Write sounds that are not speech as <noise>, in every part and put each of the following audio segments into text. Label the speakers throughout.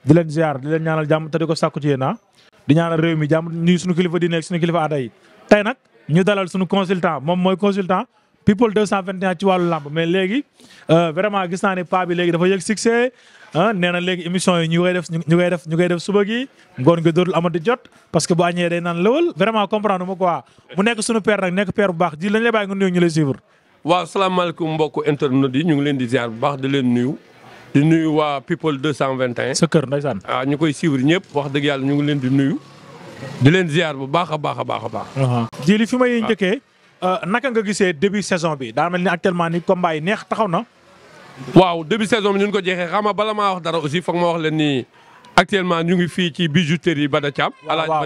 Speaker 1: di leen ziar di leen ñaanal jàmm te di ko sàkku ci yéen ah. di ñaanal réew mi jàmm nuyu suñu kilifa di nekk suñu kilifa aada yi tey nag ñu dalal suñu consultant moom mooy consultant people 221 ci wàllu làmb mais léegi euh, vraiment gis naa ne paa léegi dafa yeg succès ah nee na léegi émission yi ñu koy def ñu koy def ñu koy def suba gi ngoon gi dootul amati jot parce que bu a day naan lëwal vraiment comprendre ma quoi mu nekk suñu père nag nekk père bu baax ji lañ lay bàyyi nga nuyu ñu
Speaker 2: ñu ngi leen di ziar bu baax leen nuyu. di nuyu waa people 221. sa kër ah, ñu koy suivre ñëpp wax dëgg yàlla ñu ngi leen di nuyu. di leen ziar bu baax a baax a baax a
Speaker 1: fi may ah. njëkkee ah, naka nga gisee début saison bi daa mel ni actuellement ni combat yi neex taxaw na.
Speaker 2: waaw début saison bi ñu ko jeexee xam nga bala maa wax dara aussi foog ma wax leen ni actuellement ñu ngi fii ci bijouterie Bada Thiam. waaw waaw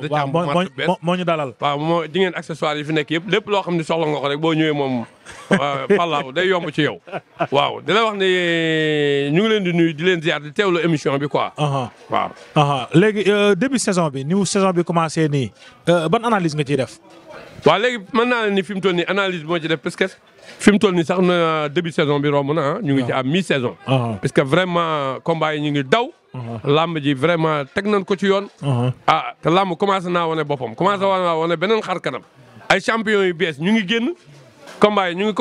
Speaker 2: moo dalal. waaw moo di ngeen yi fi nekk yëpp lépp loo xam ne soxla nga ko rek boo ñëwee moom <laughs> Fallaaw day yomb ci yow. waaw di la wax ne eh, ñu ngi leen di nuy di leen ziar di teewlu émission bi quoi.
Speaker 1: waaw. léegi euh, début saison bi ni saison bi commencé ni euh, ban analyse nga ciy def.
Speaker 2: waaw léegi man naa ni fi mu toll nii analyse moo ci def parce que fi mu toll nii sax na début saison bi romb ah, ñu ngi ah. mi saison. parce que vraiment combat yi làmb ji vraiment teg nañ ko ci yoon. Uh-huh. ah te làmb commencé naa wane boppam commencé naa wane beneen xar kanam ay champion yu bees ñu ngi génn combat yi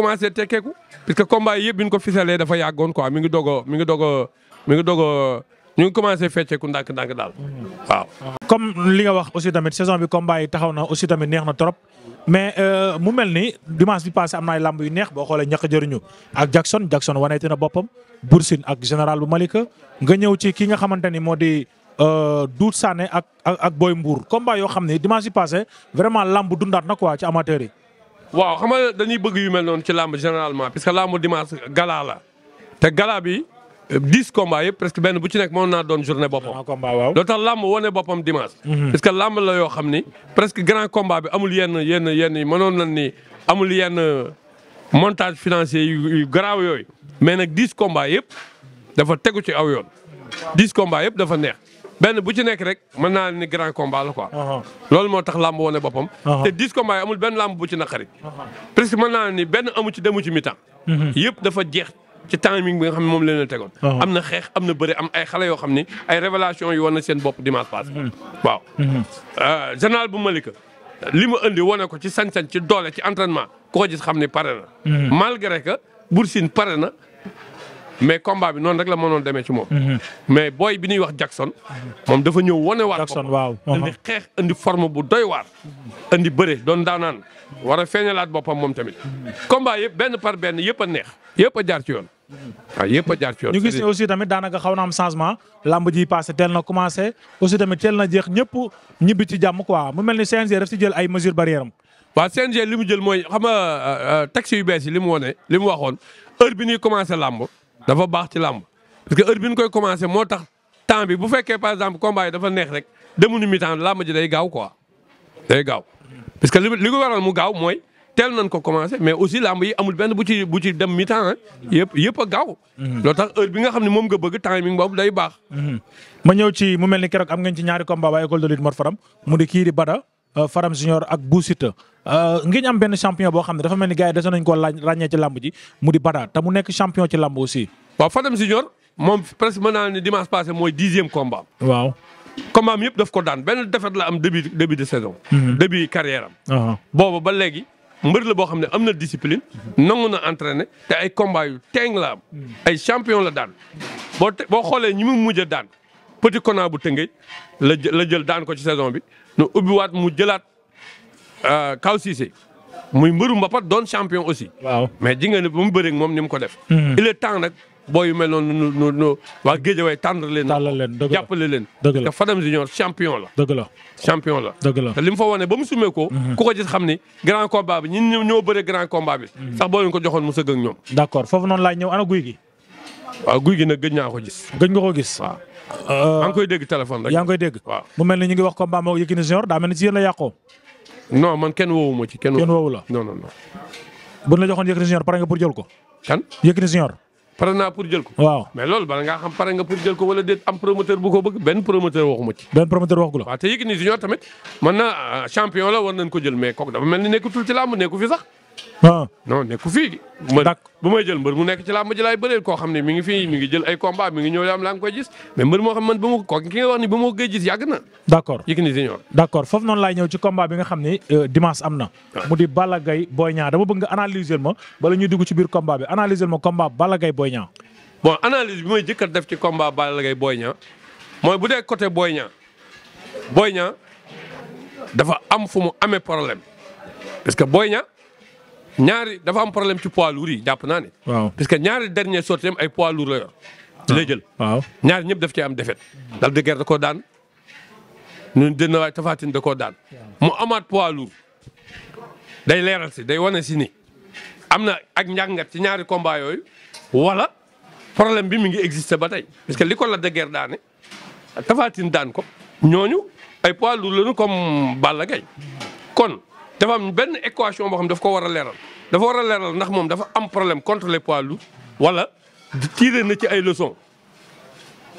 Speaker 2: parce que combat yi ko fisalee dafa yàggoon quoi mi ngi mi ngi dogo mi ngi dogo ñu ngi commencé fecceeku ndànk-ndànk daal uh-huh. waaw.
Speaker 1: comme li nga wax aussi tamit saison bi combat yi taxaw na aussi tamit neex na trop. mais euh, mu mel ni dimanche bi passé am na ay lamb yu neex boo xoolee ñàkk jëriñu ak Jackson Jackson waneeti na boppam Boursine ak général bu Malika nga ñëw ci ki nga xamante ni moo di euh, Doudou Sané ak ak Boy Mbour combat yoo xam ne dimanche bi passé vraiment lamb dundaat na quoi ci amateurs yi.
Speaker 2: waaw xam nga dañuy bëgg yu mel noonu ci lamb généralement parce que lamb dimanche galaala la te gala bi dix combats yëpp presque benn bu ci nekk moom naa doon journée boppam. loo tax làmb wane boppam dimanche. Mhm. parce que yoo xam ni presque grand combat bi amul yenn yenn yenn yi mënoon nañ ni amul yenn montage financier yu garaaw yooyu mais nag dix combats yëpp dafa tegu ci aw yoon dix combats yëpp dafa neex. benn bu ci nekk rek mën naa ni grand combat la quoi. Uh-huh. loolu moo tax làmb wane boppam. Uh-huh. te dix combats yi amul benn làmb bu ci naqari. Uh-huh. presque mën naa ni benn amu ci demu ci mi-temps. Mhm. yëpp dafa ci timing bi nga xam ne moom leen la tegoon ah. am na xeex am na bëri am ay xale yoo xam ne ay révélation yi woon na seen bopp dimanche passé mm-hmm. waaw mm-hmm. Euh, général bu Malika li mu indi wane ko ci sañ-sañ ci doole ci entraînement koo gis xam ne pare na mm-hmm. malgré que Bour Sine pare na mais combat bi noonu rek la mënoon demee ci moom. Mhm. mais booy bi ñuy wax Jackson. moom dafa ñëw wane waat Jackson waaw indi uh-huh. xeex indi forme bu doy waar. indi bëre doon daanaan war a feeñalaat boppam moom tamit. combat yëpp benn par benn yëpp a neex yëpp a jaar ci yoon. waaw yëpp a jaar ci yoon. ñu gis ne
Speaker 1: aussi tamit daanaka xaw na am changement lamb ji passé teel na commencé aussi tamit teel na jeex ñëpp ñibbi ci jàmm quoi mu mel ni CNG daf si jël ay mesures barrières am.
Speaker 2: waaw CNG li mu jël mooy xam nga euh, euh, taxi yu bees yi li mu li mu waxoon heure bi ñuy commencé lamb. dafa baax ci làmb parce que heure bi ñu koy commencé moo tax temps bi bu fekkee par exemple combat dafa neex rek demuñu mi-temps làmb ji day gaaw quoi day gaaw. parce que li ko waral mu gaaw mooy teel nañ ko commencé mais aussi làmb yi amul benn bu ci bu ci dem mi-temps ah. yëpp a gaaw. Mhm. loo tax heure bi nga xam ne moom nga bëgg timing boobu day baax. Mhm.
Speaker 1: ma ñëw ci mu mel ni keroog am ngeen ci ñaari combat waa école de lutte Faram mu di kii Bada Euh, Faram Junior ak Boussita euh, ngeen am benn champion boo xam ne dafa mel ni gars yi dese nañu koo ràññee ci làmb ji mu di Bada te mu nekk champion ci làmb aussi.
Speaker 2: waaw Faram Junior moom presque mën naa ne dimanche passé mooy dixième combat. waaw combat am yëpp daf ko daan benn défaite la am début début de saison. Mhm. début carrière am. Uh-huh. boobu ba léegi. mbër la boo xam ne am na discipline nangu na entraîné te ay combat yu teeng la am mhm. ay champion la daan boo boo xoolee ñi mu mujj a daan petit kona bu tëngéej la la jël daan ko ci saison bi nu ubbiwaat mu jëlaat euh, Kaw Cissé muy mbëru mbapat doon champion aussi. waaw mais ji nga ne ba mu bëreeg moom ni mu ko def. Hmm. il est temps nag booy mel noonu nu nu nu waa Géejawaay tàndal leen. leen dëgg la jàppale leen. dëgg la te Fadam Junior champion la. dëgg la champion la. dëgg la te li ba mu sumee ko. Hmm. ku ko xam ni grand combat bi ñun ñoo bëre grand hmm. sax boo ko joxoon mu sëgg ak ñoom.
Speaker 1: d'accord foofu noonu laay ñëw ana guy gi.
Speaker 2: waaw guy gi nag gëj naa ko gis.
Speaker 1: gëj nga ko gis waaw. Euh, koy dégg téléphone rek. yaa ngi
Speaker 2: dégg mu
Speaker 1: mel ni ñu ngi wax combat moo Yékini Junior daa mel ni ci yéen la yàqoo.
Speaker 2: non man kenn woowu ma ci. kenn woowu la bu ñu la joxoon Yékini Junior pare nga pour jël ko. kan Yékini Junior. pare naa pour jël ko. waaw mais loolu bala ngaa xam pare nga pour jël ko wala déet am promoteur bu ko bëgg benn promoteur waxuma ci. benn promoteur waxu la. waaw te Yékini ni nekkatul ci làmb Ah. non nekku fii mbër bu may jël mbër mu nekk ci laa ma laay bëreel koo xam ne mu ngi fii mi ngi jël ay combat mi ngi ñëw am laa ngi koy gis mais mbër moo xam man ba ma ko ki nga wax ni ba ma ko yàgg na d' accord Yékini Junior
Speaker 1: d' noonu laay ñëw ci combat bi nga xam ne euh, dimanche am na ah. mu di Balla Gaye Boy Niang dama bëgg nga analyser ma bala ñuy dugg ci biir combat bi analyser ma combat Balla Gaye Boy Niang
Speaker 2: bon analyse bi may jëkkat def ci combat Balla Gaye Boy Niang mooy bu dee côté booy Niang Boy Niang am fu mu amee problème parce que Boy Niang ñaari dafa am problème ci poids lourd yi jàpp naa ne. parce que ñaari dernier sortie am ay pois lourd la ah. lay jël waaw ñaari ñëpp daf cee am defet dal de guerre koo daan ñun dina waay Tapha Tine da koo daan mu amaat pois lourd day leeral si day wane si ni am na ak njàngat ci ñaari combat yooyu wala problème bi mu ngi existé ba tey parce que li ko la de guerre daane Tapha daan ko ñooñu ay poids lourd lañu comme Balla Gaye kon. dafa benn équation boo xam daf ko war a leeral dafa war a leeral ndax moom dafa am problème contre les poids lourds wala tiré na ci ay leçons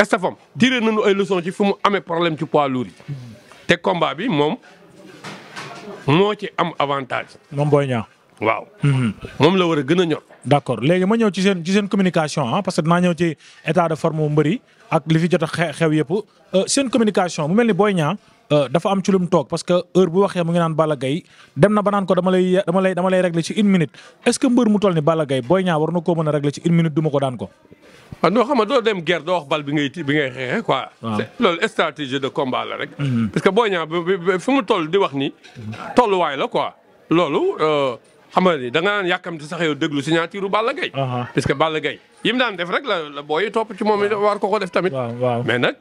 Speaker 2: estafam na nañu ay leçons ci fi mu amee problème ci poids lourds yi te combat bi moom moo ci am avantage. moom booy ñaax. waaw.
Speaker 1: Mhm. moom
Speaker 2: la war a gën a ñor.
Speaker 1: d'accord léegi ma ñëw ci seen ci seen communication ah, parce que naa ñëw ci état de forme bu mbëri ak li fi jot a xew yëpp euh, seen communication mu mel ni booy ñaax. Euh, dafa am ci lu mu toog parce que heure bu waxee mu ngi naan Balla Gaye dem na ba naan ko dama lay dama lay dama lay régler ci une minute est-ce que mbër mu toll ni Balla Gaye Boy Niang war na koo mën a régler ci une minute du ma ko daan ko.
Speaker 2: waaw ah doo dem guerre doo wax bal bi ngay xeexee quoi. loolu stratégie de combat la rek. Mhm. parce que ni euh, sax yow déglu signature Balla Gaye. parce que Balla Gaye yi daan def rek la la booy topp ci moom war ko ko def tamit. mais nag.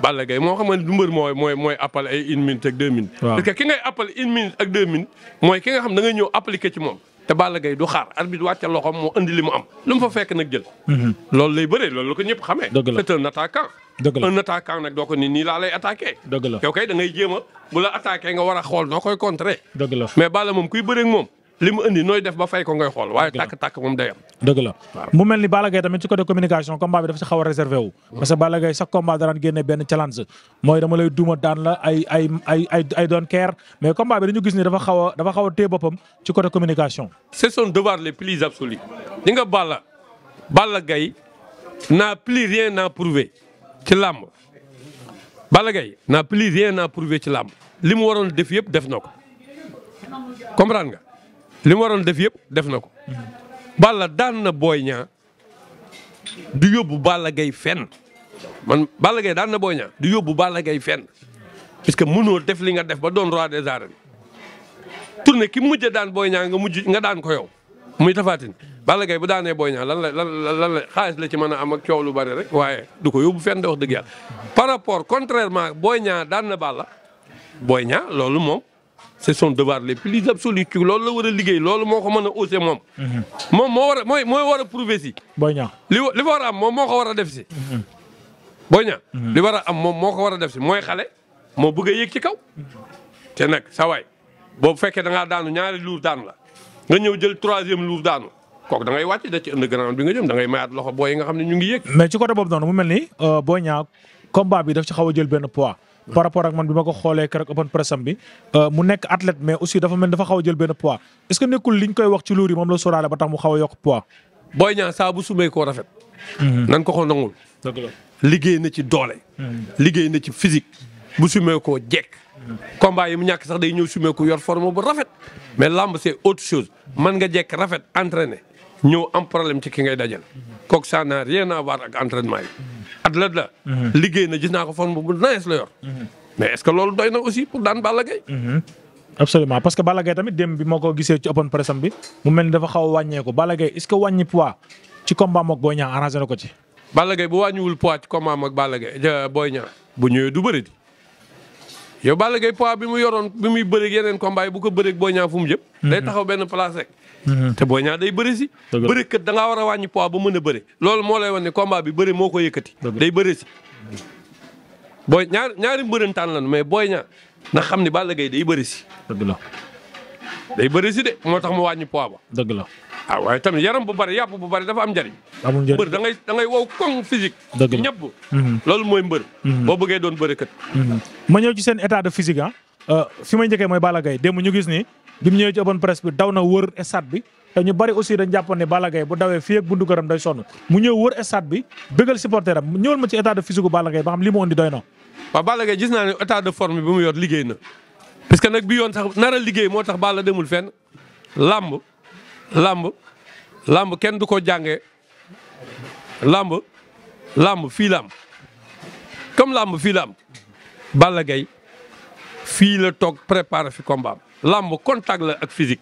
Speaker 2: Balla Gaye moo xam ne du mbër mooy mooy mooy appel ay une minute ak deux minutes. parce que ngay appel une minute ak deux minutes mooy ki nga xam da ñëw appliqué ci moom. te Balla Gaye du xaar arbitre wàcce loxoom moo indi li mu am lu mu fa fekk nag jël. Mhm. loolu lay bëree loolu la ko ñëpp xamee. dëgg la c'est un attaquant. dëgg la un attaquant nag doo ko ni nii laa lay attaqué. dëgg la kay da ngay jéem a bu la attaqué nga war a xool noo koy contrer. dëgg la mais Balla moom kuy bëree ak moom. li mu indi nooy def ba fay ko ngay xool waaye tàkk-tàkk moom day am dëgg la
Speaker 1: mu mel ni Balla Gaye tamit ci côté communication combat bi dafa xaw a réservé wu parce que Balla Gaye chaque combat daraan génne benn challenge mooy dama lay duuma daan la ay ay ay ay ay doon mais combat dañu gis ni dafa xaw a dafa xaw a téye boppam ci côté communication
Speaker 2: c'est son devoir le plus absolu di nga bala bala Gaye n'a plus rien à prouver ci làmb bala Gaye n'a plus rien à prouver ci làmb li mu waroon def yëpp def na ko comprendre nga li mu waroon def yëpp def na ko. bala daan na Boy Niang du yóbbu Balla gay fenn man bala Gaye daan na Boy Niang du yóbbu bala gay fenn parce que mënoo def li nga def ba doon roi des arènes tourné ki mujj daan Boy Niang nga mujj nga daan ko yow muy tafaatin bala Gaye bu daanee Boy Niang lan la la lan la xaalis la ci mën a am ak coow lu bari rek waaye du ko yóbbu fenn de wax dëgg yàlla par rapport contrairement Boy Niang daan na Balla Boy Niang loolu moom. c'est son devoir le plus absolu ci loolu la war a liggéey loolu moo ko mën a osé moom. moom moo war a mooy mooy war li li fa war a am moom moo ko war a def si. Boy Niang mhm. li war a am moom moo war a def si mooy xale moo bëgg a yéeg ci kaw. te nag sa waay boo fekkee da ngaa daanu ñaari luur daanu la nga ñëw jël troisième luur daanu. kooku da ngay wàcc da ci underground bi nga jëm da mayaat loxo booy yi nga xam ne ñu ngi yéeg.
Speaker 1: mais ci côté boobu noonu mu mel ni euh, Boy Niang combat bi daf ci xaw a jël benn pois par rapport ak man bi ma ko xoolee keroog open press am bi euh, mu nekk athlète mais aussi dafa mel dafa xaw a jël benn poids est-ce que nekkul liñ koy wax ci luur yi moom la sóoraale ba tax mu xaw a yokk poids.
Speaker 2: booy ñaa saa bu sumee koo rafet. Mhm. nan ko ko nangul. liggéey na ci doole. Mhm. liggéey na ci physique. bu sumee koo jekk. Mhm. combat yi mu ñàkk sax day ñëw sumee ko yor forme bu rafet. mais lamb c'est autre chose man nga jekk rafet entraîner. ñëw am problème ci ki ngay dajal kooku ça n'a rien à voir ak entraînement yi athlète la liggéey na gis naa ko forme bu nice la yor mais est-ce que loolu doy na aussi pour daan Balla Gaye
Speaker 1: absolument parce que Balla Gaye tamit dem bi moo ko gisee ci open pressam bi mu mel ni dafa xaw wàññeeku Balla Gaye est-ce que wàññi poids ci combat moog Boy Niang arrangé ko ci
Speaker 2: Balla Gaye bu wàññiwul poids ci combat moog Balla Gaye Boy bu ñëwee du bëri di yow Balla Gaye bi mu yoroon bi muy bëri yeneen combat yi bu ko bëri Boy Niang fu mu jëm day benn place Mm-hmm. te Boy ñaar day bëri si bëri kët da war a wàññi poids ba mën a bëri loolu moo lay wan ne combat bi bëri moo ko yëkkati day bëri si ñaar ñaari mbërëntaan lan mais Boy Niang na xam ni Balla Gaye day bëri si dëgg la day bëri si de moo tax mu wàññi poids ba dëgg la ah waaye tamit yaram bu bëri yàpp bu bëri dafa am njariñ amul njëriñ mbër da ngay da ngay wow koŋ physique dëgg ñëpp mm-hmm. loolu mooy mbër mm-hmm. boo bëggee doon bëri kët
Speaker 1: ma ñëw ci seen état de physique ah euh, fi may njëkkee mooy Balla Gaye démb ñu gis ni bi mu ñëwee ci open press bi daw na wër stade bi te ñu bari aussi dañ jàppoon ne Balla Gaye bu dawee fii ak bundu këram day sonn mu ñëw wër stade bi bëggal supporter am ñëwal ma ci état de physique bu ba xam li mu indi doy
Speaker 2: na. waaw Balla Gaye naa ne état de forme bi mu yor liggéey na parce que nag bi yoon sax nar a liggéey moo tax Balla demul fenn làmb làmb kenn du ko jàngee làmb làmb fii la am comme làmb fii la am Balla fii la toog préparé làmb contact la ak physique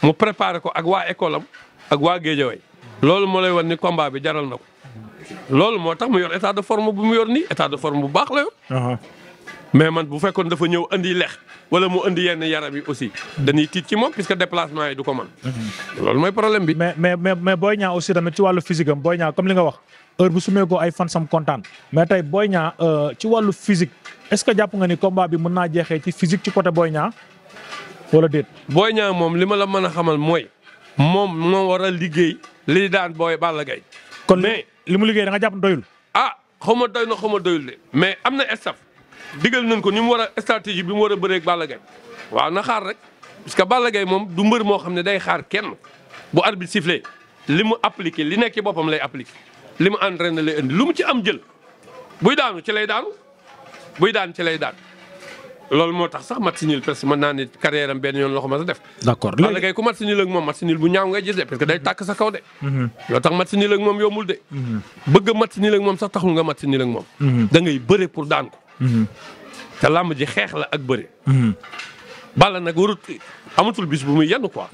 Speaker 2: mu préparé ko ak waa école am ak waa géejawaay loolu moo lay wan ni combat bi jaral na ko loolu moo tax mu yor état de forme bu mu yor nii état de forme bu baax la yor. Uh-huh. mais man bu fekkoon dafa ñëw andi leex wala mu andi yenn yaram yi aussi dañuy tiit ci moom puisque déplacement yi du ko mën. Uh-huh.
Speaker 1: loolu mooy problème bi. mais mais mais Boy Niang aussi tamit ci wàllu physique am Boy Niang comme li nga wax heure bu sumee ko tey Boy Niang euh, ci wàllu physique est ce que jàpp nga ni combat bi mën naa jeexee ci physique ci côté Boy Niang wala
Speaker 2: déet. Boy Niang moom li ma la mën a xamal mooy moom moo war a liggéey li daan booy Balla Gaye. kon mais li mu liggéey da nga jàpp doyul. ah xaw ma doy na xaw ma doyul de mais am na staff digal nañ ko ni mu war a stratégie bi mu war a bëree ak Balla waaw na xaar rek parce que Balla Gaye moom du mbër moo xam ne day xaar kenn bu arbitre sifflé li mu appliqué li nekk ci boppam lay appliqué li mu entraîné lay indi lu mu ci am jël buy daanu ci lay daanu buy daan ci lay daan. loolu moo tax sax match nul parce que mën naa ni carrière benn yoon la ko mën a def. d'accord léegi Balla Gaye ku match nul ak moom match nul bu ñaaw ngay gis de parce que day tàkk sa kaw de. loo mhm. tax match nul ak moom yombul de. Mhm. bëgg mat match nul ak moom sax taxul nga match nul ak moom. Mhm. da ngay bëre pour daan ko. te làmb ji xeex la ak bëre. Balla nag warut amatul bis bu muy yenn quoi.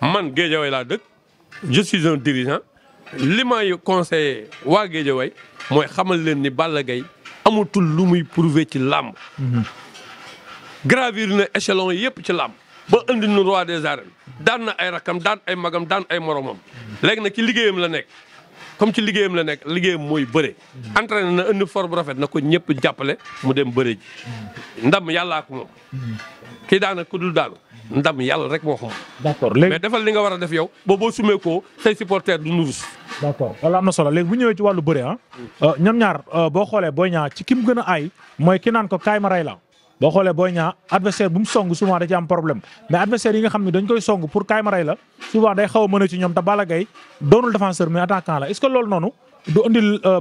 Speaker 2: man Guédiawaye laa dëkk je suis un dirigeant li may conseillé waa Guédiawaye mooy xamal leen ni Balla Gaye amatul lu muy prouver ci làmb. gravir na échelon yëpp ci làmb ba indi nu roi des arènes daan na ay rakam daan ay magam daan ay moromam léegi nag ki liggéeyam la nekk comme ci liggéeyam la nekk liggéeyam mooy bëre. entraîné na indi forme bu rafet na ko ñëpp jàppale mu dem bëre ji ndam yàllaa ko moom kii daana ku dul daanu ndam yàlla rek moo xam. d'accord léegi mais defal li nga war a def yow ba boo sumee ko say supporters du nurus.
Speaker 1: d'accord loolu am na solo léegi bu ñëwee ci wàllu bëre ah. ah ñoom ñaar ah, boo xoolee booy ñaar ci ki mu gën a aay mooy ki naan ko ma rey la boo xoolee Boy Niang adversaire bu mu song souvent da ci xam ne dañ koy song pour kaay ma rey la souvent day xaw a mën a ci ñoom te Balla Gaye doonul défenseur mais attaquant la est-ce que loolu euh,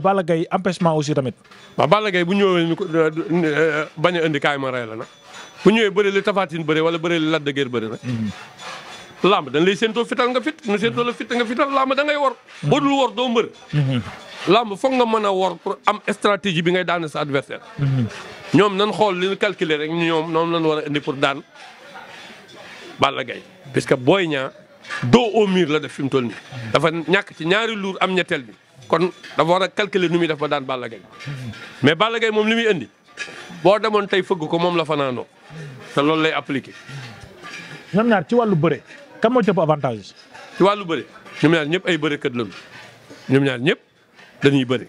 Speaker 1: aussi tamit.
Speaker 2: waaw Balla Gaye bu ñëwee ñu ko euh, euh, bañ indi kaay ma rey la na bu ñëwee bëri li Tapha Tine bëri wala bëri la Lac de Guiers bëri na. Mhm. lamb dañ lay séentoo fital nga fit ñu séentoo la fit da ngay wor. Mhm. boo dul wor doo mbër. Mhm. lamb foog nga mën a wor pour am stratégie bi ngay daane sa adversaire ñoom nan xool li ñu calculer rek ñoom noonu lañ war a pour daan Balla Gaye parce que Boy Niang dos au mur la def fi mu toll nii dafa ñàkk ci ñaari luur am ñetteel bi kon dafa war a calculer nu muy def ba daan Balla Gaye moom li muy indi boo demoon tey fëgg ko moom la fanaanoo te loolu lay appliqué.
Speaker 1: ñoom ñaar ci wàllu bëre kan moo jëpp avantage
Speaker 2: ci wàllu bëre ñoom ñaar ñëpp ay bërekat lañu ñoom ñaar ñëpp dañuy bëre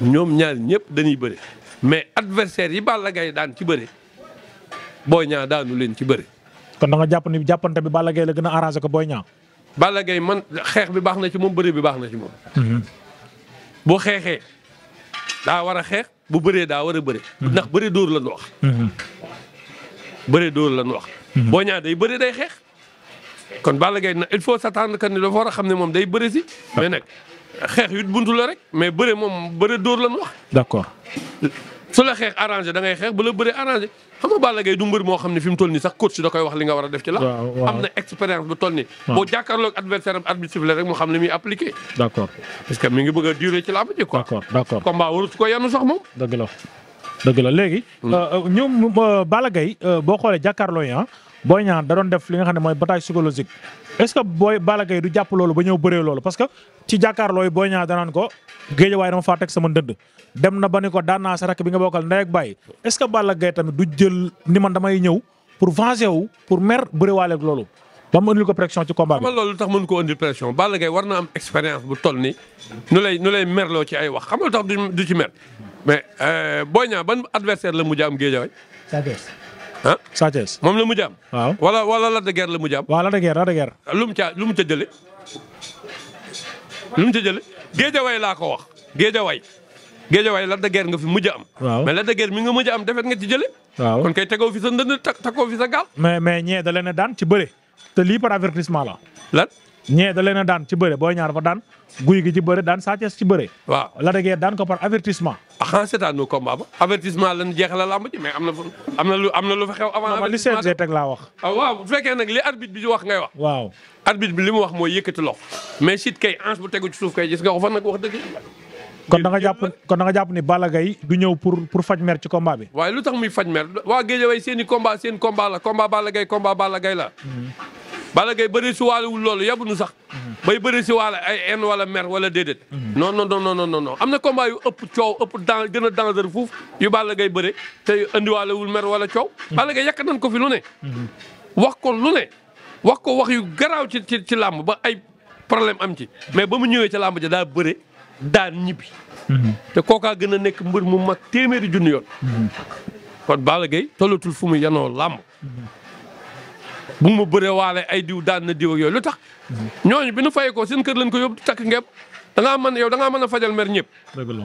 Speaker 2: ñoom ñaar ñëpp dañuy bëre. mais adversaire yi Balla Gaye daan ci bëre Boy Niang daanu leen ci bëre. kon
Speaker 1: da nga jàpp ni jàppante bi Balla gay la gën a arrangé ko Boy Niang.
Speaker 2: Balla Gaye man xeex bi baax na ci moom bëre bi baax na ci moom. Mhm. boo xeexee daa war a xeex bu bëree daa war a bëre. Mhm. ndax bëre dóor la ñu wax. Mhm. bëre dóor la ñu wax. Boy Niang day bëre day xeex. kon Balla Gaye na il faut s'attendre que ni dafa war a xam ne moom day bëre si. Ah. mais nag xeex yu buntu la rek mais bëre moom bëre dóor la ñu wax. d'accord. su la xeex arrangé da ngay xeex bu la bëree arrangé xam nga Balla du mbër moo xam ne fi mu toll nii sax coach da koy wax li nga war a def ci la am na expérience bu toll nii boo jàkkaarloog adversaire am arbitre siffle rek mu xam li muy appliqué d'accord parce que mi ngi bëgg a durer ci làmb ji quoi d'accord d'accord combat waru su ko yenn sax moom dëgg
Speaker 1: la léegi hmm. euh, euh, ñoom euh, Balla boo xoolee jàkkaarloo yi ah, booy Niang da doon def li nga xam ne mooy bataille psychologique est-ce que booy Balla Gaye du jàpp loolu ba ñëw bëree loolu parce que ci jàkkaarloo yi Boy Niang danaan ko géej waaye dama faa teg sama ndënd dem na ba ni ko daan naa sa rakk bi nga bokkal ndey ak bàyyi est-ce que Balla Gaye tamit du jël ni man damay ñëw pour venger wu pour mer bëriwaale ak loolu ba mu indil ko pression ci combat bi. xam
Speaker 2: nga loolu tax mën ko indil pression Balla Gaye war na am expérience bu toll ni nu lay nu lay merloo ci ay wax xam nga lu ci mer mais euh, Boy Niang ban adversaire la mujj am géej waay ah Sa moom la mujj am. waaw wala wala Lac de la mujj am.
Speaker 1: waaw Lac de Guiers Lac de
Speaker 2: lu mu caa lu mu ca jëlee lu mu ca jëlee géejawaay laa ko wax géejawaay géejawaay Lac de Guiers nga fi mujj am. waaw mais Lac mi nga mujj am defet nga ci jëlee. waaw kon kay tegoo fi sa ndënd takoo fi sa gaal. mais
Speaker 1: mais ñee da leen daan ci bëre te lii par avertissement la lan. ñee da leen daan ci bëre booy ñaar fa daan guy gi ci bëre daan Sa Thiès ci bëre. waaw la déggee daan ko par avertissement.
Speaker 2: ah seetaanu combat ba avertissement lañ jeexal làmb ji mais am na am na lu am na lu fa xew. avant li CNG teg laa wax. Ah, waaw bu fekkee nag li arbitre bi di wax ngay wax. waaw arbitre bi li mu wax mooy yëkkati loxo mais sit kay ange bu tegu ci suuf kay gis nga ko fan nag wax dëgg.
Speaker 1: kon da jàpp kon da jàpp ni Balla gay du ñëw pour pour faj mer ci combat bi.
Speaker 2: waaye lu tax muy faj mer seen i combat seen combat la combat Balla Gaye combat Balla Gaye la mm-hmm. Balla Gaye bëri si waale wul loolu yabunu sax. Mhm. bay bëri si waale ay en wala mer wala déedéet. Mhm. non non non non am na combat yu ëpp coow ëpp dan gën a danger fuuf yu Balla Gaye bëre te andiwaale wul mer wala coow. Mhm. Balla Gaye yàq ko fi lu ne. wax ko lu ne wax ko wax yu garaaw ci ci ci làmb ba ay problème am ci mais ba mu ñëwee ca làmb ja daa bëre daan ñibbi. te kookaa gën a nekk mbër mu mag téeméeri junni yoon. kon Balla tollatul fu mu yanoo làmb. bu ma bëree waale ay diw daan na diw ak yooyu lu tax ñooñu bi nu fay ko seen kër ko yóbbu takk ngeem da ngaa mën yow da ngaa a fajal mer ñëpp.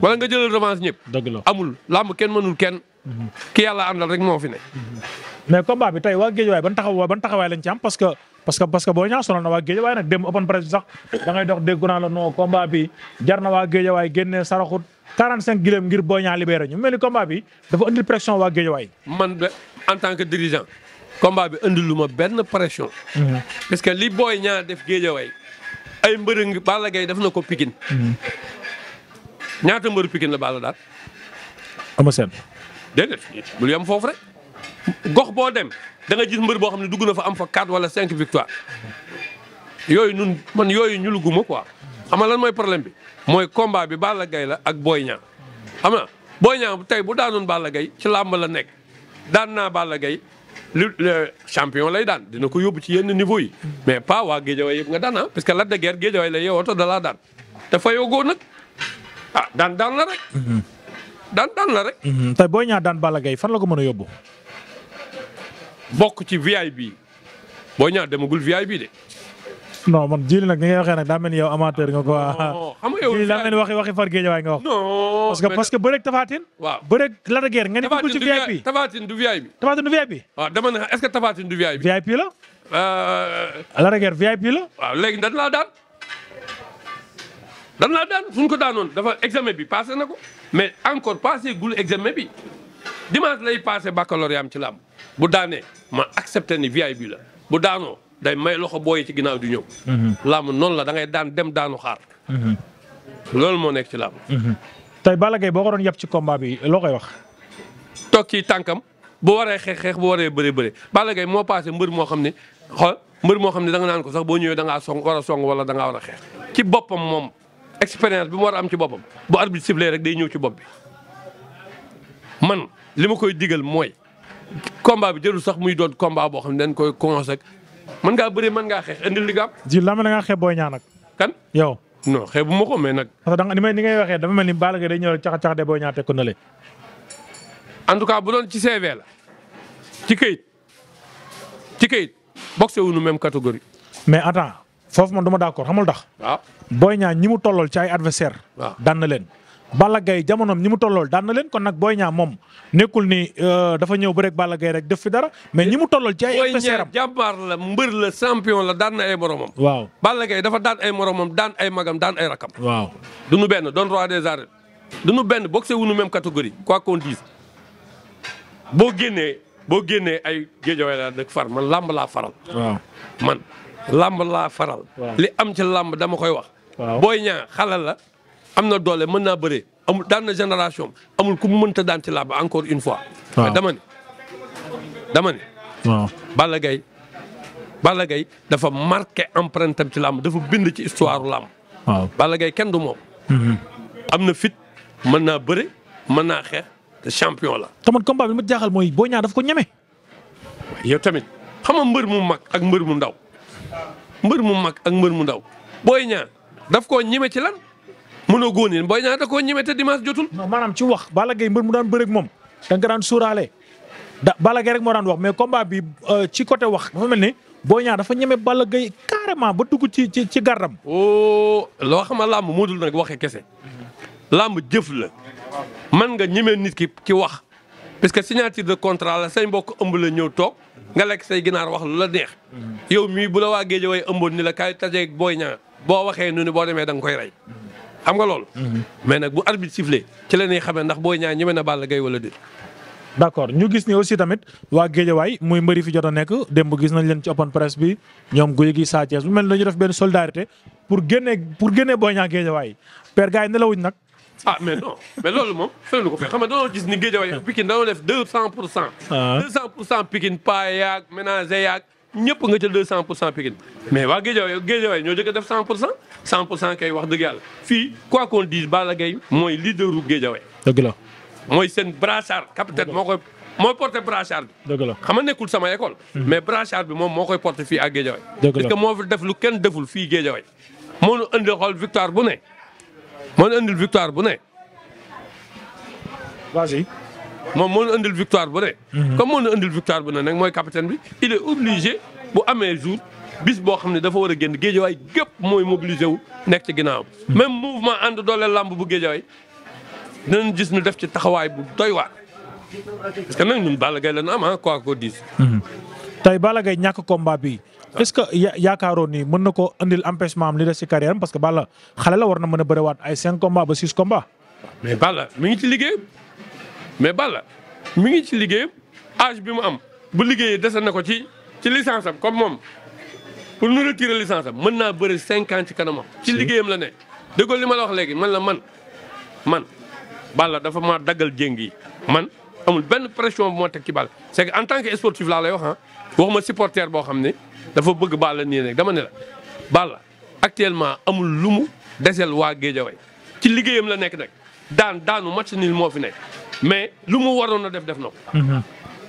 Speaker 2: wala nga jëlal revanche ñëpp. dëgg la amul làmb kenn mënul kenn. Mhm. ki yàlla àndal rek moo fi ne. Mhm.
Speaker 1: mais combat bi tey waa Géejawaay ban taxawaay ban taxawaay lañ ci am parce que parce que parce que boo ñaa sonal na waa Géejawaay nag démb open press sax da ngay dox déggu naa la non combat jar na waa Géejawaay génne saraxut 45 kilos ngir boo ñaa libéré ñu mel ni combat bi dafa indil pression waa Géejawaay.
Speaker 2: man tant que dirigeant. combat bi indi lu ma benn pression. Mhm. parce que li booy ñaar def géejawaay ay mbërëng Balla Gaye def na ko Pikine. Mhm. ñaata mbëru Pikine la Balla daal. ama seen. déedéet bul yem foofu rek gox boo dem da nga mbër boo xam ne dugg na fa am fa 4 wala 5 victoire yooyu nun man yooyu ñu luguma quoi. xam lan mooy problème bi mooy combat bi Balla gay la ak booy Niang xam na Boy tey bu daanoon Balla gay ci làmb la nekk daan naa Balla gay lu champion lay daan dina ko yóbbu ci yenn niveau yi mais pas waa géejawaay yëpp nga daan ah parce que la de Guiers géejawaay la yeewoo te dalaa daan te fa yogoo nag ah daan daan la rek. Mhm. daan daan la rek. Mhm. booy ñaa daan Balla Gaye fan la ko mën a yóbbu. bokk ci VIP bi booy ñaa demagul VIP bi de.
Speaker 1: non man jili nag ni ngay waxee nag daa mel ni yow amateur nga quoi.
Speaker 2: xam nga yow jili daa mel ni waxi waxi far géej waay nga wax. non parce que parce que bëreeg Tafatine. waaw
Speaker 1: bëreeg Lada Guère VIP.
Speaker 2: Tafatine du VIP. Tafatine du VIP. waaw la. Euh, Lada léegi dañ laa daan dañ daan suñ ko dafa examen bi passé na ko mais encore passé gul examen bi dimanche lay passé baccalauréat am ci làmb bu daanee ma accepté ni VIP la bu daanoo. day may loxo booy ci ginnaaw di ñëw. Mhm. làmb noonu la dangay daan dem daanu xaar. Mhm. loolu moo nekk ci làmb.
Speaker 1: Mhm. tey Balla Gaye boo ko doon yab ci combat bi loo koy
Speaker 2: wax. toog ci tànkam bu waree xeex xeex bu waree bëri bëri Balla moo paase mbër moo xam ne xool mbër moo xam ne da naan ko sax boo ñëwee da ngaa song war a song wala danga ngaa war a xeex. ci boppam moom expérience bi mu war a am ci boppam bu arbitre sifflé rek day ñëw ci bopp bi man li ma koy digal mooy combat bi jëru sax muy doon combat boo xam ne dañ koy commencé mën ngaa bëree mën nga xeex indil li nga am.
Speaker 1: ji la na da ngaa xeeb booy ñaan nag. kan yow.
Speaker 2: non xeebu ma ko mais nag. parce
Speaker 1: que da nga ni may ngay waxee dafa mel ni Balla Gaye day ñëw cax cax de booy ñaan teg ko nële.
Speaker 2: en tout cas bu doon ci CV la ci këyit ci këyit boxe wunu même catégorie.
Speaker 1: mais attends foofu man du ma d'accord xamul dax
Speaker 2: waaw booy
Speaker 1: ñaan ñi mu tollool ci ay adversaire daan na leen. Balla Gaye jamonoom ñi mu tollool daan na leen kon nag Boy Niang moom nekkul ni euh, dafa ñëw ba rek Balla Gaye rek def fi dara mais ñi mu tollool ci ay adversaire am
Speaker 2: jàmbaar la mbër la champion la daan na ay moromam waaw dafa daan ay moromam daan ay magam daan ay rakam waaw du nu benn doon roi des arènes du nu benn boxe wuñu même catégorie quoi qu'on dise boo génnee boo génnee ay géejawaay laa dëkk far man làmb laa faral waaw laa faral li am ci làmb dama koy wax Boy Niang xale la am na doole mën naa bëree amul daan na génération amul ku mu mënta daan ci làmb encore une fois. waaw dama ne dama ne. waaw dafa marqué empreinte am ci làmb dafa bind ci histoire làmb. waaw Balla kenn du moom. Mm-hmm. am na fit mën naa bëre mën naa xeex te champion la. tamit combat bi ma jaaxal mooy Boy ñaa daf ko ñeme. yow tamit xam mbër mu mag ak mbër mu ndaw mbër mu mag ak mbër mu ndaw Boy Niang daf koo ñeme ci lan. mënoo góon yéen booy ñaata koo ñemee te dimanche jotul. non maanaam ci wax Balla gay mbër mu daan
Speaker 1: bëreeg moom da nga daan sóoraale da rek moo daan wax mais combat bi euh, ci côté wax
Speaker 2: dafa mel ni booy ñaar dafa ñeme Balla Gaye carrément ba dugg ci ci ci gardam. oo oh, loo xam làmb moo dul nag waxee kese làmb jëf la man nga ñemee nit ki ci wax parce que signature de contrat la say mbokk ëmb la ñëw toog nga lekk say ginaar wax lu la neex. Mm-hmm. yow mii bu la waa géej way ëmboon ni la kaay tajeeg booy ñaar boo waxee nu boo demee da nga koy rey. xam nga loolu. mais nag bu arbitre sifflé ci la ñuy xamee ndax Boy Niang ñeme na Balla Gaye wala déet.
Speaker 1: d' accord ñu gis ni aussi tamit waa Géejawaay muy mbëri fi jot a nekk démb gis nañ leen ci open press bi ñoom guy gi Sa Thiès bu mel ni dañu def benn solidarité pour génnee pour génnee Boy Niang Géejawaay père gars yi nelawuñ nag.
Speaker 2: ah mais non mais loolu moom feneen ko fee xam nga dañoo gis ni Géejawaay Pikine dañoo def deux cent pour cent. Ah. deux cent pour cent Pikine paa ñëpp nga jël 200 pour cent Pikine mais waa Guédiawaye Guédiawaye ñoo jëkk def 100 pour cent 100 pour cent wax dëgg yàlla fii quoi qu'on dise Balla Gaye mooy leaderu Guédiawaye. dëgg la mooy seen brassard capitaine moo koy moo porté brassard bi. dëgg la xam nga nekkul sama école. Hmm. mais brassard bi moom moo koy porté fii ak Guédiawaye. dëgg la parce que moo def lu kenn deful fii Guédiawaye. moo nu indi xool victoire bu ne moo nu indil victoire bu ne. moom moo ñu indil victoire bu ne. Mhm. comme moo ñu indil victoire bu ne nag mooy capitaine bi il est obligé bu amee jour bis boo xam ne dafa war a génn géejawaay gépp mooy mobilisé wu nekk ci ginnaawam. Mhm. même mouvement ànd dooleel làmb bu géejawaay dinañ gis nu def ci taxawaay bu doy waar parce que nag ñun Balla Gaye la ñu am ah quoi qu'on dise.
Speaker 1: Mhm. tey Balla ñàkk combat bi est-ce que yaakaaroon ni mën na ko indil empêchement am li des ci carrière am parce que bala xale la war na mën a bëriwaat ay 5 combats ba 6
Speaker 2: mais Balla mu ngi ci liggéeyam âge bi mu am bu liggéeyee dese na ko ci ci licence am comme moom pour nu retirer licence mën naa bëri cinq ci kanamam. ci liggéeyam la ne déggoo li ma la wax léegi man la man man Balla dafa ma daggal jéng yi man amul benn pression bu ma teg ci Balla. c'est que en tant que sportif lay wax ah waxuma supporter boo xam ne dafa bëgg Balla nii rek dama ne la Balla actuellement amul lu mu desel waa Géejawaay ci liggéeyam la nekk nag daan daanu match nil moo fi nekk. mais lu mu waroon a def def na ko. Mhm.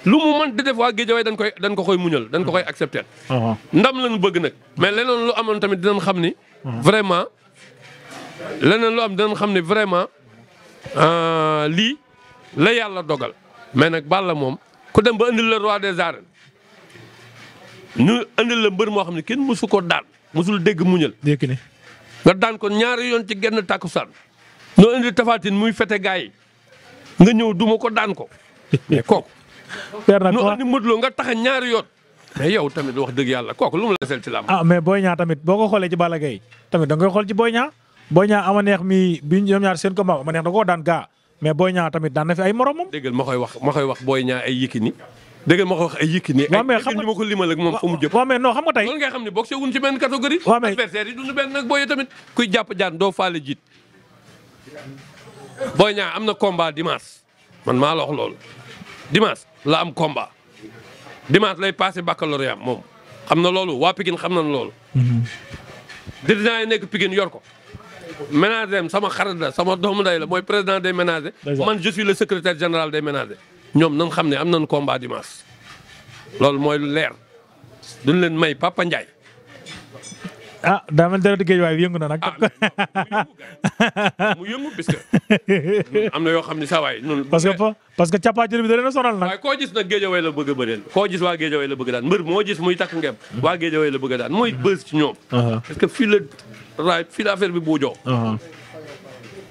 Speaker 2: lu mu mën di def waa Géejawaay dañ koy dañ ko koy muñël dañ ko koy accepter. Uh-huh. ndam lañu bëgg nag. mais leneen lu amoon tamit dinañ xam ni. Uh-huh. vraiment leneen lu am dinañ xam ni vraiment euh, lii la yàlla dogal. mais nag la moom ku dem ba indil la roi des arènes ñu indil la mbër moo xam ne kenn mësu ko daan mësul dégg muñal. dégg ne nga daan ko ñaari yoon ci genn tàkku noo indi Tapha Tine muy fete gaay yi. nga ñëw duma ko daan ko <laughs> mais kooku. père nag ñu nga tax ñaar yoon. mais yow tamit wax dëgg yàlla kooku lu la desel ci làmb. ah mais
Speaker 1: Boy Niang tamit boo ko xoolee ci Balla Gaye tamit da daan gaa mais Boy Niang tamit
Speaker 2: wax ma koy wax Boy Niang ay Yékini dégg ma benn booy tamit kuy jàpp jaan doo faale jiit. booy ñaa am na combat dimanche man maa la wax loolu dimanche la am combat dimanche lay passé baccalauréat moom xam na loolu waa Pikine xam nañ loolu. Mhm. dirigeant yi nekk Pikine yor ko. ménager sama xarit la sama doomu day la mooy président de ménagers. man je suis le secrétaire général des ménagers. ñoom nañ xam ne am nañ komba dimanche loolu mooy lu leer duñ leen may Papa Ndiaye. ah daa mel dara géej waay bi yëngu na nag. Ah, mu yëngu parce <laughs> que na yoo xam ne saa waay noonu. parce que parce que cappaajër bi da leen a sonal nag. waaye koo gis nag géejaway la bëgg a bëreel. koo gis waa géejaway la bëgg daan moo gis muy takk ngeem. waa géejaway la bëgg daan mooy bës ci ñoom. Uh-huh. parce que fii la raay fii affaire bi bu joo.
Speaker 1: Uh-huh.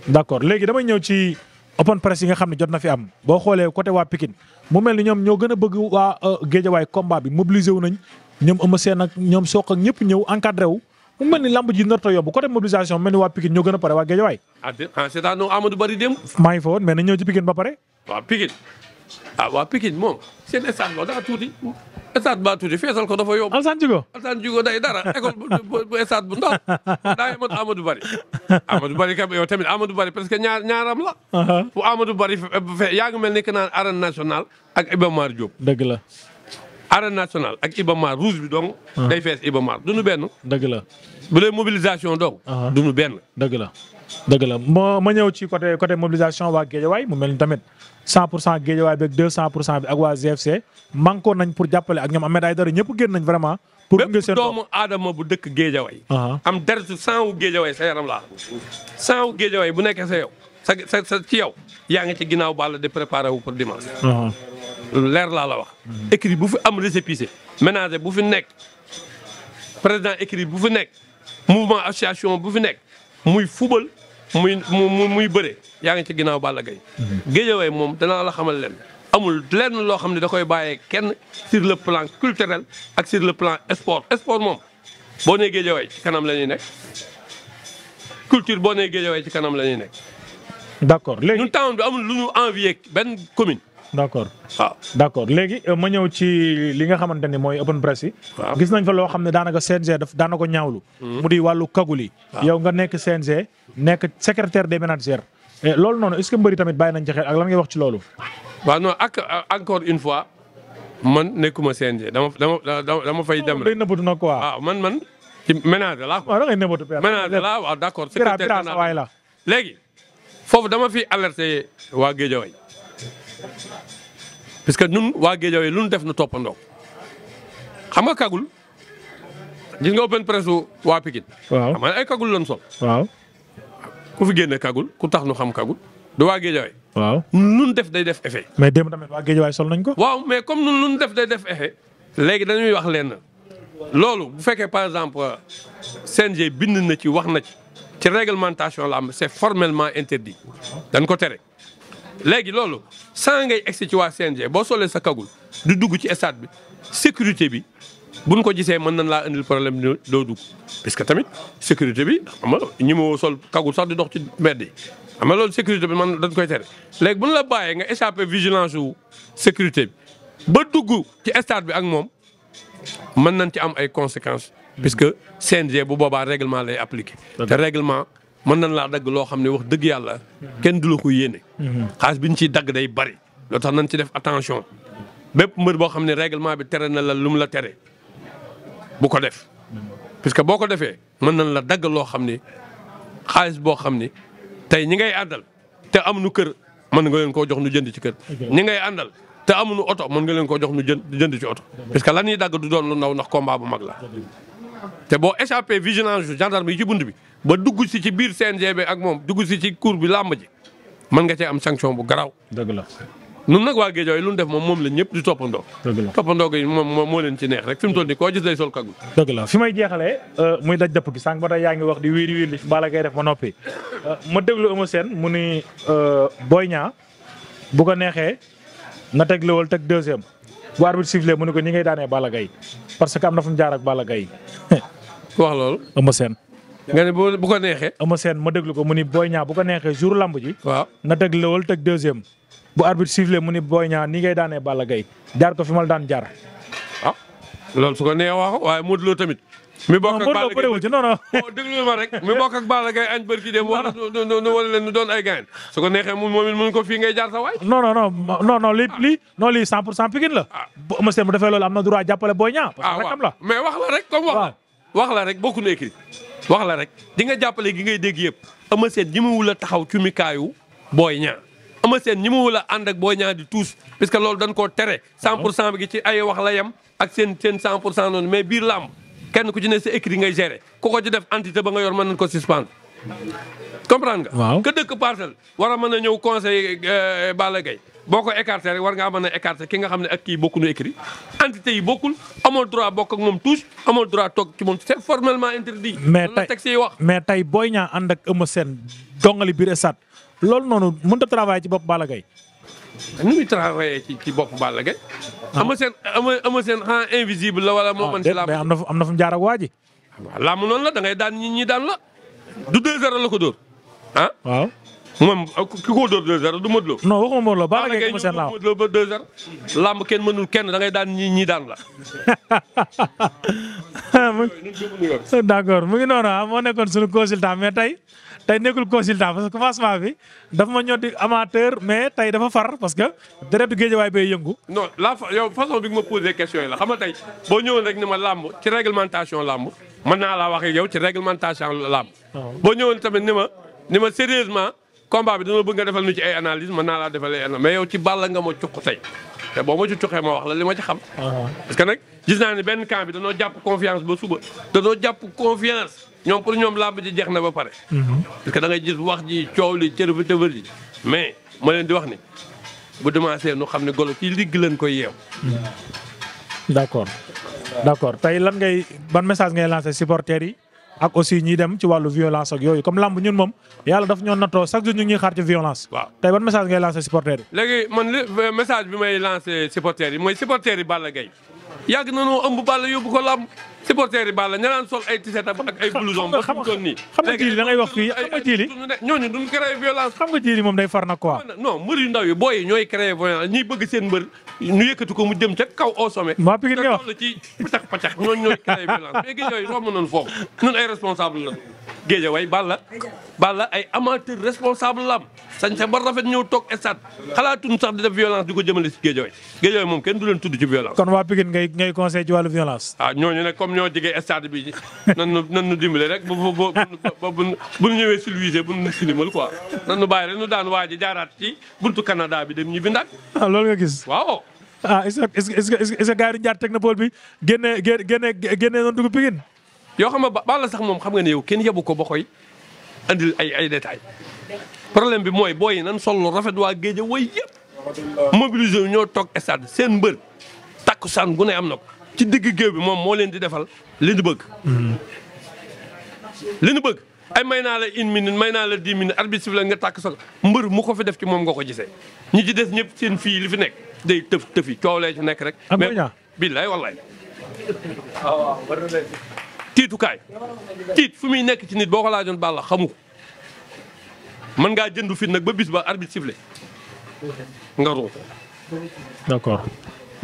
Speaker 1: d'accord léegi damay ñëw ci open press yi nga xam ne jot na fi am boo xoolee côté waa Pikine mu mel ni ñoom ñoo gën a bëgg waa euh, géejawaay combat bi mobilisé wu nañ ñoom Eumeu Sène ak ñoom Sokh ak ñëpp ñëw encadré wu mu mel ni lamb ji nar ta yomb côté mobilisation mel ni waa Pikine ñoo pare waa Guédiawaye.
Speaker 2: ah dé ah c'est Bari dem. maa ngi fa woon mais nañ ñëw ci Pikine ba pare. waa Pikine ah waa Pikine moom seen stade ba daa tuuti stade ba tuuti feesal ko dafa yomb. Alassane Djigo Alassane Djigo day dara école bu stade bu ndaw daa yemoon Amadou Bari Amadou Bari kam yow tamit Amadou Bari parce que ñaar ñaaram la. Uh-huh. fu Amadou Bari yaa ngi mel ni que naan arène nationale ak Iba Mar Diop. la. arène nationale ak Ibamar rouge bi donc. Ah. day fees Ibamar du nu benn. dëgg la bu dee mobilisation donc. Ah. du nu benn. dëgg la
Speaker 1: dëgg la ma ma ñëw ci côté côté mobilisation waa waay mu mel ni tamit 100 pour cent Géejawaay beeg 200 pour cent bi ak waa GFC mankoon nañ pour jàppale ak ñoom Ahmed Aïdara ñëpp génn nañ vraiment.
Speaker 2: pour gunge seen bu dëkk Géejawaay. Ah. am deret sang wu Géejawaay sa yaram laa sang bu nekkee sa yow. sa sa ci yow yaa ngi ci ginnaaw Balla di préparer wu pour dimanche. Uh-huh. leer laa la wax. écrit bu fi am récépissé ménager bu fi nekk président écrit bu fi nekk mouvement association bu fi nekk muy fubal muy muy muy bëre yaa ngi ci ginnaaw Balla Gaye. Uh-huh. Guédiawaye moom danaa la xamal leen. amul lenn loo xam ne da koy bàyyee kenn sur le plan culturel ak sur le plan sport sport moom boo nee Guédiawaye ci kanam la nekk culture boo nee Guédiawaye ci kanam la ñuy nekk. d' accord léegi ñun town bi amul lu ñu envier benn commune. d' accord ah.
Speaker 1: léegi euh, ma ñëw ci li nga xamante ni mooy open press yi. gis nañ fa loo xam ne daanaka CNG daf daanaka ñaawlu. Hmm. mu di wàllu kagul yi. yow nga nekk CNG nekk secrétaire des ménagères. Eh, loolu noonu est ce que mbëri tamit bàyyi nañ ci xel ak lan ngay wax ci loolu.
Speaker 2: waaw non ak encore une fois man nekkuma CNG dama dama dama fay dem. Oh, day nëbbatu nag quoi waaw ah, man man. ci ménage laa. waaw da ngay nëbbatu père ménage laa waaw d' accord. secrétaire waaye la léegi. foofu dama fi alerter waa Géejawaay parce que ñun waa Géejawaay lu ñu def nu toppandoo xam nga kagul gis nga open press waa Pikine. waaw xam nga ay kagul lañ sol. waaw ku fi génne kagul ku tax nu xam kagul du waa Géejawaay. waaw nun def day def effet.
Speaker 1: mais démb tamit waa Géejawaay sol nañ ko.
Speaker 2: waaw mais comme nun lu def day def effet. léegi dañuy wax leen loolu bu fekkee par exemple euh, CNG bind na ci wax na ci. ci réglementation làmb c'est formellement interdit dañ ko tere. léegi loolu sans ngay egsi ci waa CNG boo solee sa kagul du dugg ci stade bi sécurité bi bu buñ ko jisee mën nañ laa indil problème doo dugg. parce que tamit sécurité bi xam nga ñi ma sol kagul sax di dox ci mbedd yi xam loolu sécurité bi man dañ koy tere léegi buñ la bàyyee nga échappé vigilance wu sécurité bi ba dugg ci stade bi ak moom mën nañ ci am ay conséquences. puisque CNG bu boobaa règlement lay appliqué. te règlement mën nañ laa dagg loo xam ne wax dëgg yàlla. kenn du la ko yéene. Mhm. xaalis bi ñu ciy dagg day bari. loo tax nañ ci def attention bépp mbër boo xam ne règlement bi tere na la lu mu la tere bu ko def. parce que boo ko defee mën nañ la dagg loo xam ne xaalis boo xam ni tey ñi ngay àndal te amuñu kër mën nga leen koo jox nu jënd ci kër. ñi ngay àndal te amuñu oto mën nga leen ko jox nu jënd jënd ci oto. parce que lan ñuy dagg du doon lu ndaw ndax combat bu mag la. te boo échappé vigilance gendarme yi ci bunt bi ba dugg si ci biir CNG bi ak moom dugg si ci kuur bi làmb ji mën nga cee am sanction bu garaaw. dëgg la ñun nag waa Géejawaay lu ñu def moom moom la ñëpp di toppandoo. dëgg la toppandoo gi moom moo leen ci neex rek fi mu toll nii koo gis day sol kagul.
Speaker 1: dëgg la fi may jeexalee euh, muy daj dëpp gi sànq ba tey yaa ngi wax di wiiri wiiri li fi Balla Gaye def ma noppi euh, ma déglu Eumeu Sène mu ni euh, booy ñaa bu ko neexee na teg lewal teg deuxième bu arbitre sifflé mu ne ko ñi ngay daanee Balla Gaye parce que am na fu mu jaar ak Balla Gaye <laughs>
Speaker 2: wax loolu Eumeu Sène nga ne bu ko neexee. Eumeu
Speaker 1: seen ma déglu ko mu ni Boy Niang bu ko neexee jour lamb ji. waaw na teg lewal teg deuxième. bu arbitre sifflé mu ni booy ñaa ni ngay daanee bala gay jaar ko fi mal daan jaar.
Speaker 2: ah loolu su ko neexee waaw waaye Modou Lo tamit mi bokk ak Balla Gaye ci non non. <laughs> Oh, déglu ma rek mi bokk ak Balla Gaye añ bërki dem wala nu wala leen nu doon ay gaañ su ko neexee moom it mun ko fii ngay jaar sa waay.
Speaker 1: non non non lii lii ah. non lii 100 pour cent Pikine la. ah monsieur mu defee loolu am na droit jàppale
Speaker 2: wax la rek di nga jàppale gi ngay dégg yëpp. ama seen ñi mu wula taxaw ci mikaayu Boy Niang. ama seen ñi mu wula ànd ak Boy Niang di tuus parce que loolu dañ koo tere 100 pour cent bi ci ay wax la yem ak seen seen 100 pour cent noonu mais biir làmb kenn ku ci ne sa écrit ngay gérer ku ko ci def entité ba nga yor mën nañ ko suspendre comprendre nga. waaw que dëkk parcelle war a mën a ñëw conseil euh, Balla Gaye boo ko écarté rek war nga man a écarte ki nga xam ne ak kii bokkuñu écrit entité yi bokkul amoo droit bokk ak moom tous amoo droit toog ci moom c'est formellement interdit. mais tey texte wax mais tey booy ñaa ànd ak
Speaker 1: Eumeu dongali biir stade loolu noonu mënut a travailler ci bopp Balla Gaye
Speaker 2: nu muy travaillé ci ci bopp Balla Gaye. ama seen ama ama seen xanaa invisible la wala moo ah, mën si làmb.
Speaker 1: am na am na fu mu jaar ak waa ji.
Speaker 2: waaw làmb noonu la da daan ñi ñi la. du 2-0 la ko dóor. ah waaw. moom ki ko dóor 2-0 du Modou Lo. non waxuma Modou Lo Balla Gaye seen làmb Balla Gaye Modou Lo ba kenn mënul kenn da ngay daan ñi ñi la.
Speaker 1: <laughs> d' accord mu ngi noonu ah moo nekkoon suñu consultant mais tey. tey nekkul consultant parce que commencement bi dafa ma ñotti amateur mais tey dafa far parce que
Speaker 2: deret géejawaay bay yëngu. non la façon bi nga ma posé question yi la xam nga tey boo ñëwoon rek ni ma làmb ci réglementation làmb mën naa laa wax ak yow ci réglementation làmb. boo ñëwoon tamit ni ma ni ma sérieusement combat bi dama bëgg nga defal nu ci ay analyse mën naa laa defal ay analyse mais yow ci bàll nga ma cuq tey. te boo ma ci cuxee ma wax la li ma ci xam. Uh-huh. parce que nag gis naa ne benn camp bi danoo jàpp confiance ba suba danoo jàpp confiance ñoom pour ñoom làmb ji jeex na ba pare. Uh-huh. parce que da ngay gis wax ji coow li cërëfa tëfër ji mais ma leen di wax ni bu demaasee nu xam ne golo ci ligg leen koy yeew.
Speaker 1: Uh-huh. d' accord d' tey lan ngay ban message ngay lancé supporters yi. ak aussi ñiy dem ci wàllu violence ak yooyu comme lamb ñun moom yàlla daf ñoo nattoo chaque jour ñu ngi ñuy xaar ci violence. waaw tey ban message ngay lancé supporters yi.
Speaker 2: léegi man message bi may lancé supporters yi mooy supporters yi Balla Gaye yàgg na noo ëmb Balla yóbbu ko lamb supporters yi Balla ña naan sol ay t ak ay blouson ba xam nga jiili da wax fii xam nga
Speaker 1: jiili moom day far na quoi
Speaker 2: non mbër yu ndaw yi booy ñooy créer violence ñuy bëgg seen mbër ñu yëkkati ko mu jëm ca kaw au sommet maa pigin nga wax ci patax patax ñooñu ñooy créer violence mais gi yooyu romb nañ foofu ay responsable la géeja way Balla la ay amateur responsable lam sañ sa ba rafet ñëw toog stade xalaatuñ sax di def violence di ko jëmale si géeja way géeja way moom kenn du leen tudd ci violence
Speaker 1: kon waa Pikine ngay ngay conseil ci wàllu violence
Speaker 2: ah ñooñu nag comme ñoo jege stade bi nan nu nan rek bu bu bu ñëwee silvisé bu nu silimal quoi nan nu bàyyi rek nu daan waaj jaaraat ci buntu Canada bi dem ñibbi ndax ah, loolu nga gis waaw ah est-ce que est-ce yoo xam ne la sax moom xam nga ne yow kenn yebu ko ba koy andil ay ay détails problème bi mooy booy nan sol rafet waa géej way yëpp mobilisé ñoo toog stade seen mbër takkusaan gu ne am na ko ci digg géew bi moom moo leen di defal li ñu bëgg. li ñu bëgg ay may naa la une minute may naa la dix minutes arbitre siffle nga tàkk sol mbër mu ko fi def ci moom nga ko gisee ñi ci des ñëpp seen fii li fi nekk day tëf tëfi coow lee ci nekk rek. am mais billaay tiitukaay tiit fu muy nekk ci nit boo ko laajoon bàlla xamu ko mën ngaa jëndu fit nag ba bis ba arbitre sifflé nga ruux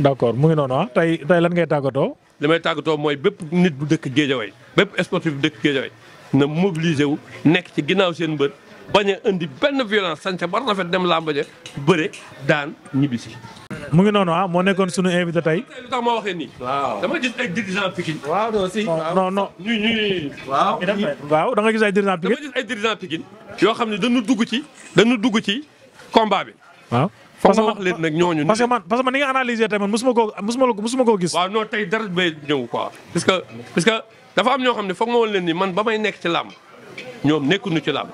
Speaker 1: d' accord d' mu ngi noonu ah tey tey lan ngay tàggatoo.
Speaker 2: li may tàggatoo mooy bépp nit bu dëkk géejaway bépp sportif bu dëkk géejaway na mobiliser wu nekk ci ginnaaw seen mbër bañ indi benn violence sañse ba rafet dem làmbaje bëre daan ñibbisi.
Speaker 1: mu ngi noonu ah moo nekkoon sunu invité tey.
Speaker 2: lu dama gis ay dirigeants Pikine. waaw ñu ñu waaw. da nga gis ay dirigeants Pikine. dama gis ay dirigeants Pikine. yoo xam ne dañu dugg ci dañu dugg ci combat bi. waaw. parce que ma wax leen nag ñooñu. parce que man parce que man ni nga analyser tamit mosuma koo ko mosuma koo gis. waaw non tey dara bay ñëw quoi. parce que parce que dafa am ñoo xam ne foog ma woon leen ni man ba may nekk ci làmb ñoom nekkuñu ci lam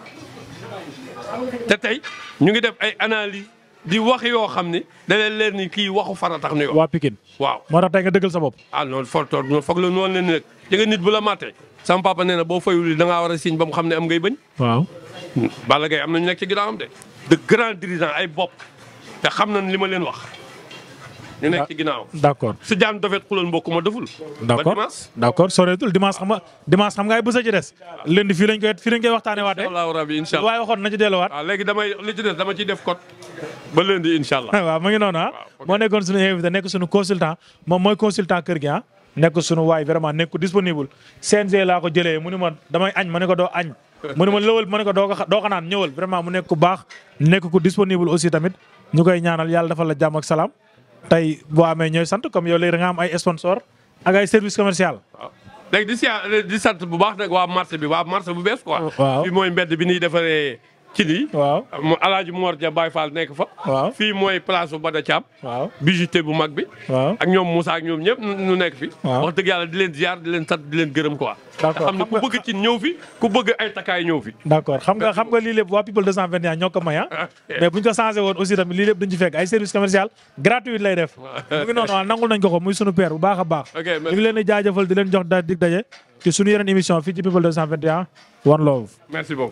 Speaker 2: te tey ñu ngi def ay analyse di wax yoo xam ne da leen leer ni kii waxu faratax ni wax waa Pikine waaw
Speaker 1: moo tax tey nga dëggal sa bopp
Speaker 2: ah noonu fortoor noonu foog la noonu leen rek jege nit bu la màttee sama papa nee na boo fayul li da ngaa war a siñ ba mu xam ne am ngay bañ waaw Balla Gaye am nañu nekk ci ginnaawam de de grand dirigeant ay bopp te xam nañ li ma leen wax ñu nekk ah, ci ginnaaw d' accord su jaam dofet xulal mbokk ma deful d' accord ba dimanche
Speaker 1: d' accord soreetul dimanche xam nga dimanche xam nga ay a ci des lundi fii lañ koy fii lañ koy waxtaane waate allahu
Speaker 2: rabbi incha ah,
Speaker 1: ma <laughs> ngi noonu ah moo nekkoon suñu invité nekk suñu consultant moom mooy consultant kër gi ah nekk suñu waay vraiment nekk disponible CNG laa ko jëlee mu ni ma damay añ ma ne ko doo añ mu ne ma lëwal ma ne ko doo ko doo ko naan ñëwal mu nekk ku baax nekk ku disponible aussi tamit ñu koy ñaanal yàlla dafa la jàmm salaam tey boo amee ñooy sant comme yow léegi da nga am ay sponsor ak ay service commercial.
Speaker 2: léegi di si di sant bu baax nag waa marché bi waa marché bu bees quoi. waaw bi mooy mbedd bi nuy defaree. ci di waaw alaaji Mor Dia Baye Fall nekk fa. waaw fii mooy place bu Bada Thiam. waaw bijouté bu mag bi. waaw ak ñoom Moussa ak ñoom ñëpp ñu nekk fi. wax dëgg yàlla di leen ziar di leen sant di leen gërëm quoi. d'accord xam ne ku bëgg ci ay takkaay fi.
Speaker 1: d'accord xam nga xam nga lii lépp waa People 221 ñoo ko may ah. <laughs> mais bu ñu ko changé woon aussi tamit lii lépp dañu ci fekk ay service commercial gratuit lay def. <laughs> mu ngi noonu waaw ah, nangul nañ ko ko muy sunu père bu baax a baax. ok ñu ngi leen di jaajëfal di leen jox dig daje ci sunu yeneen émission fii ci People 221 One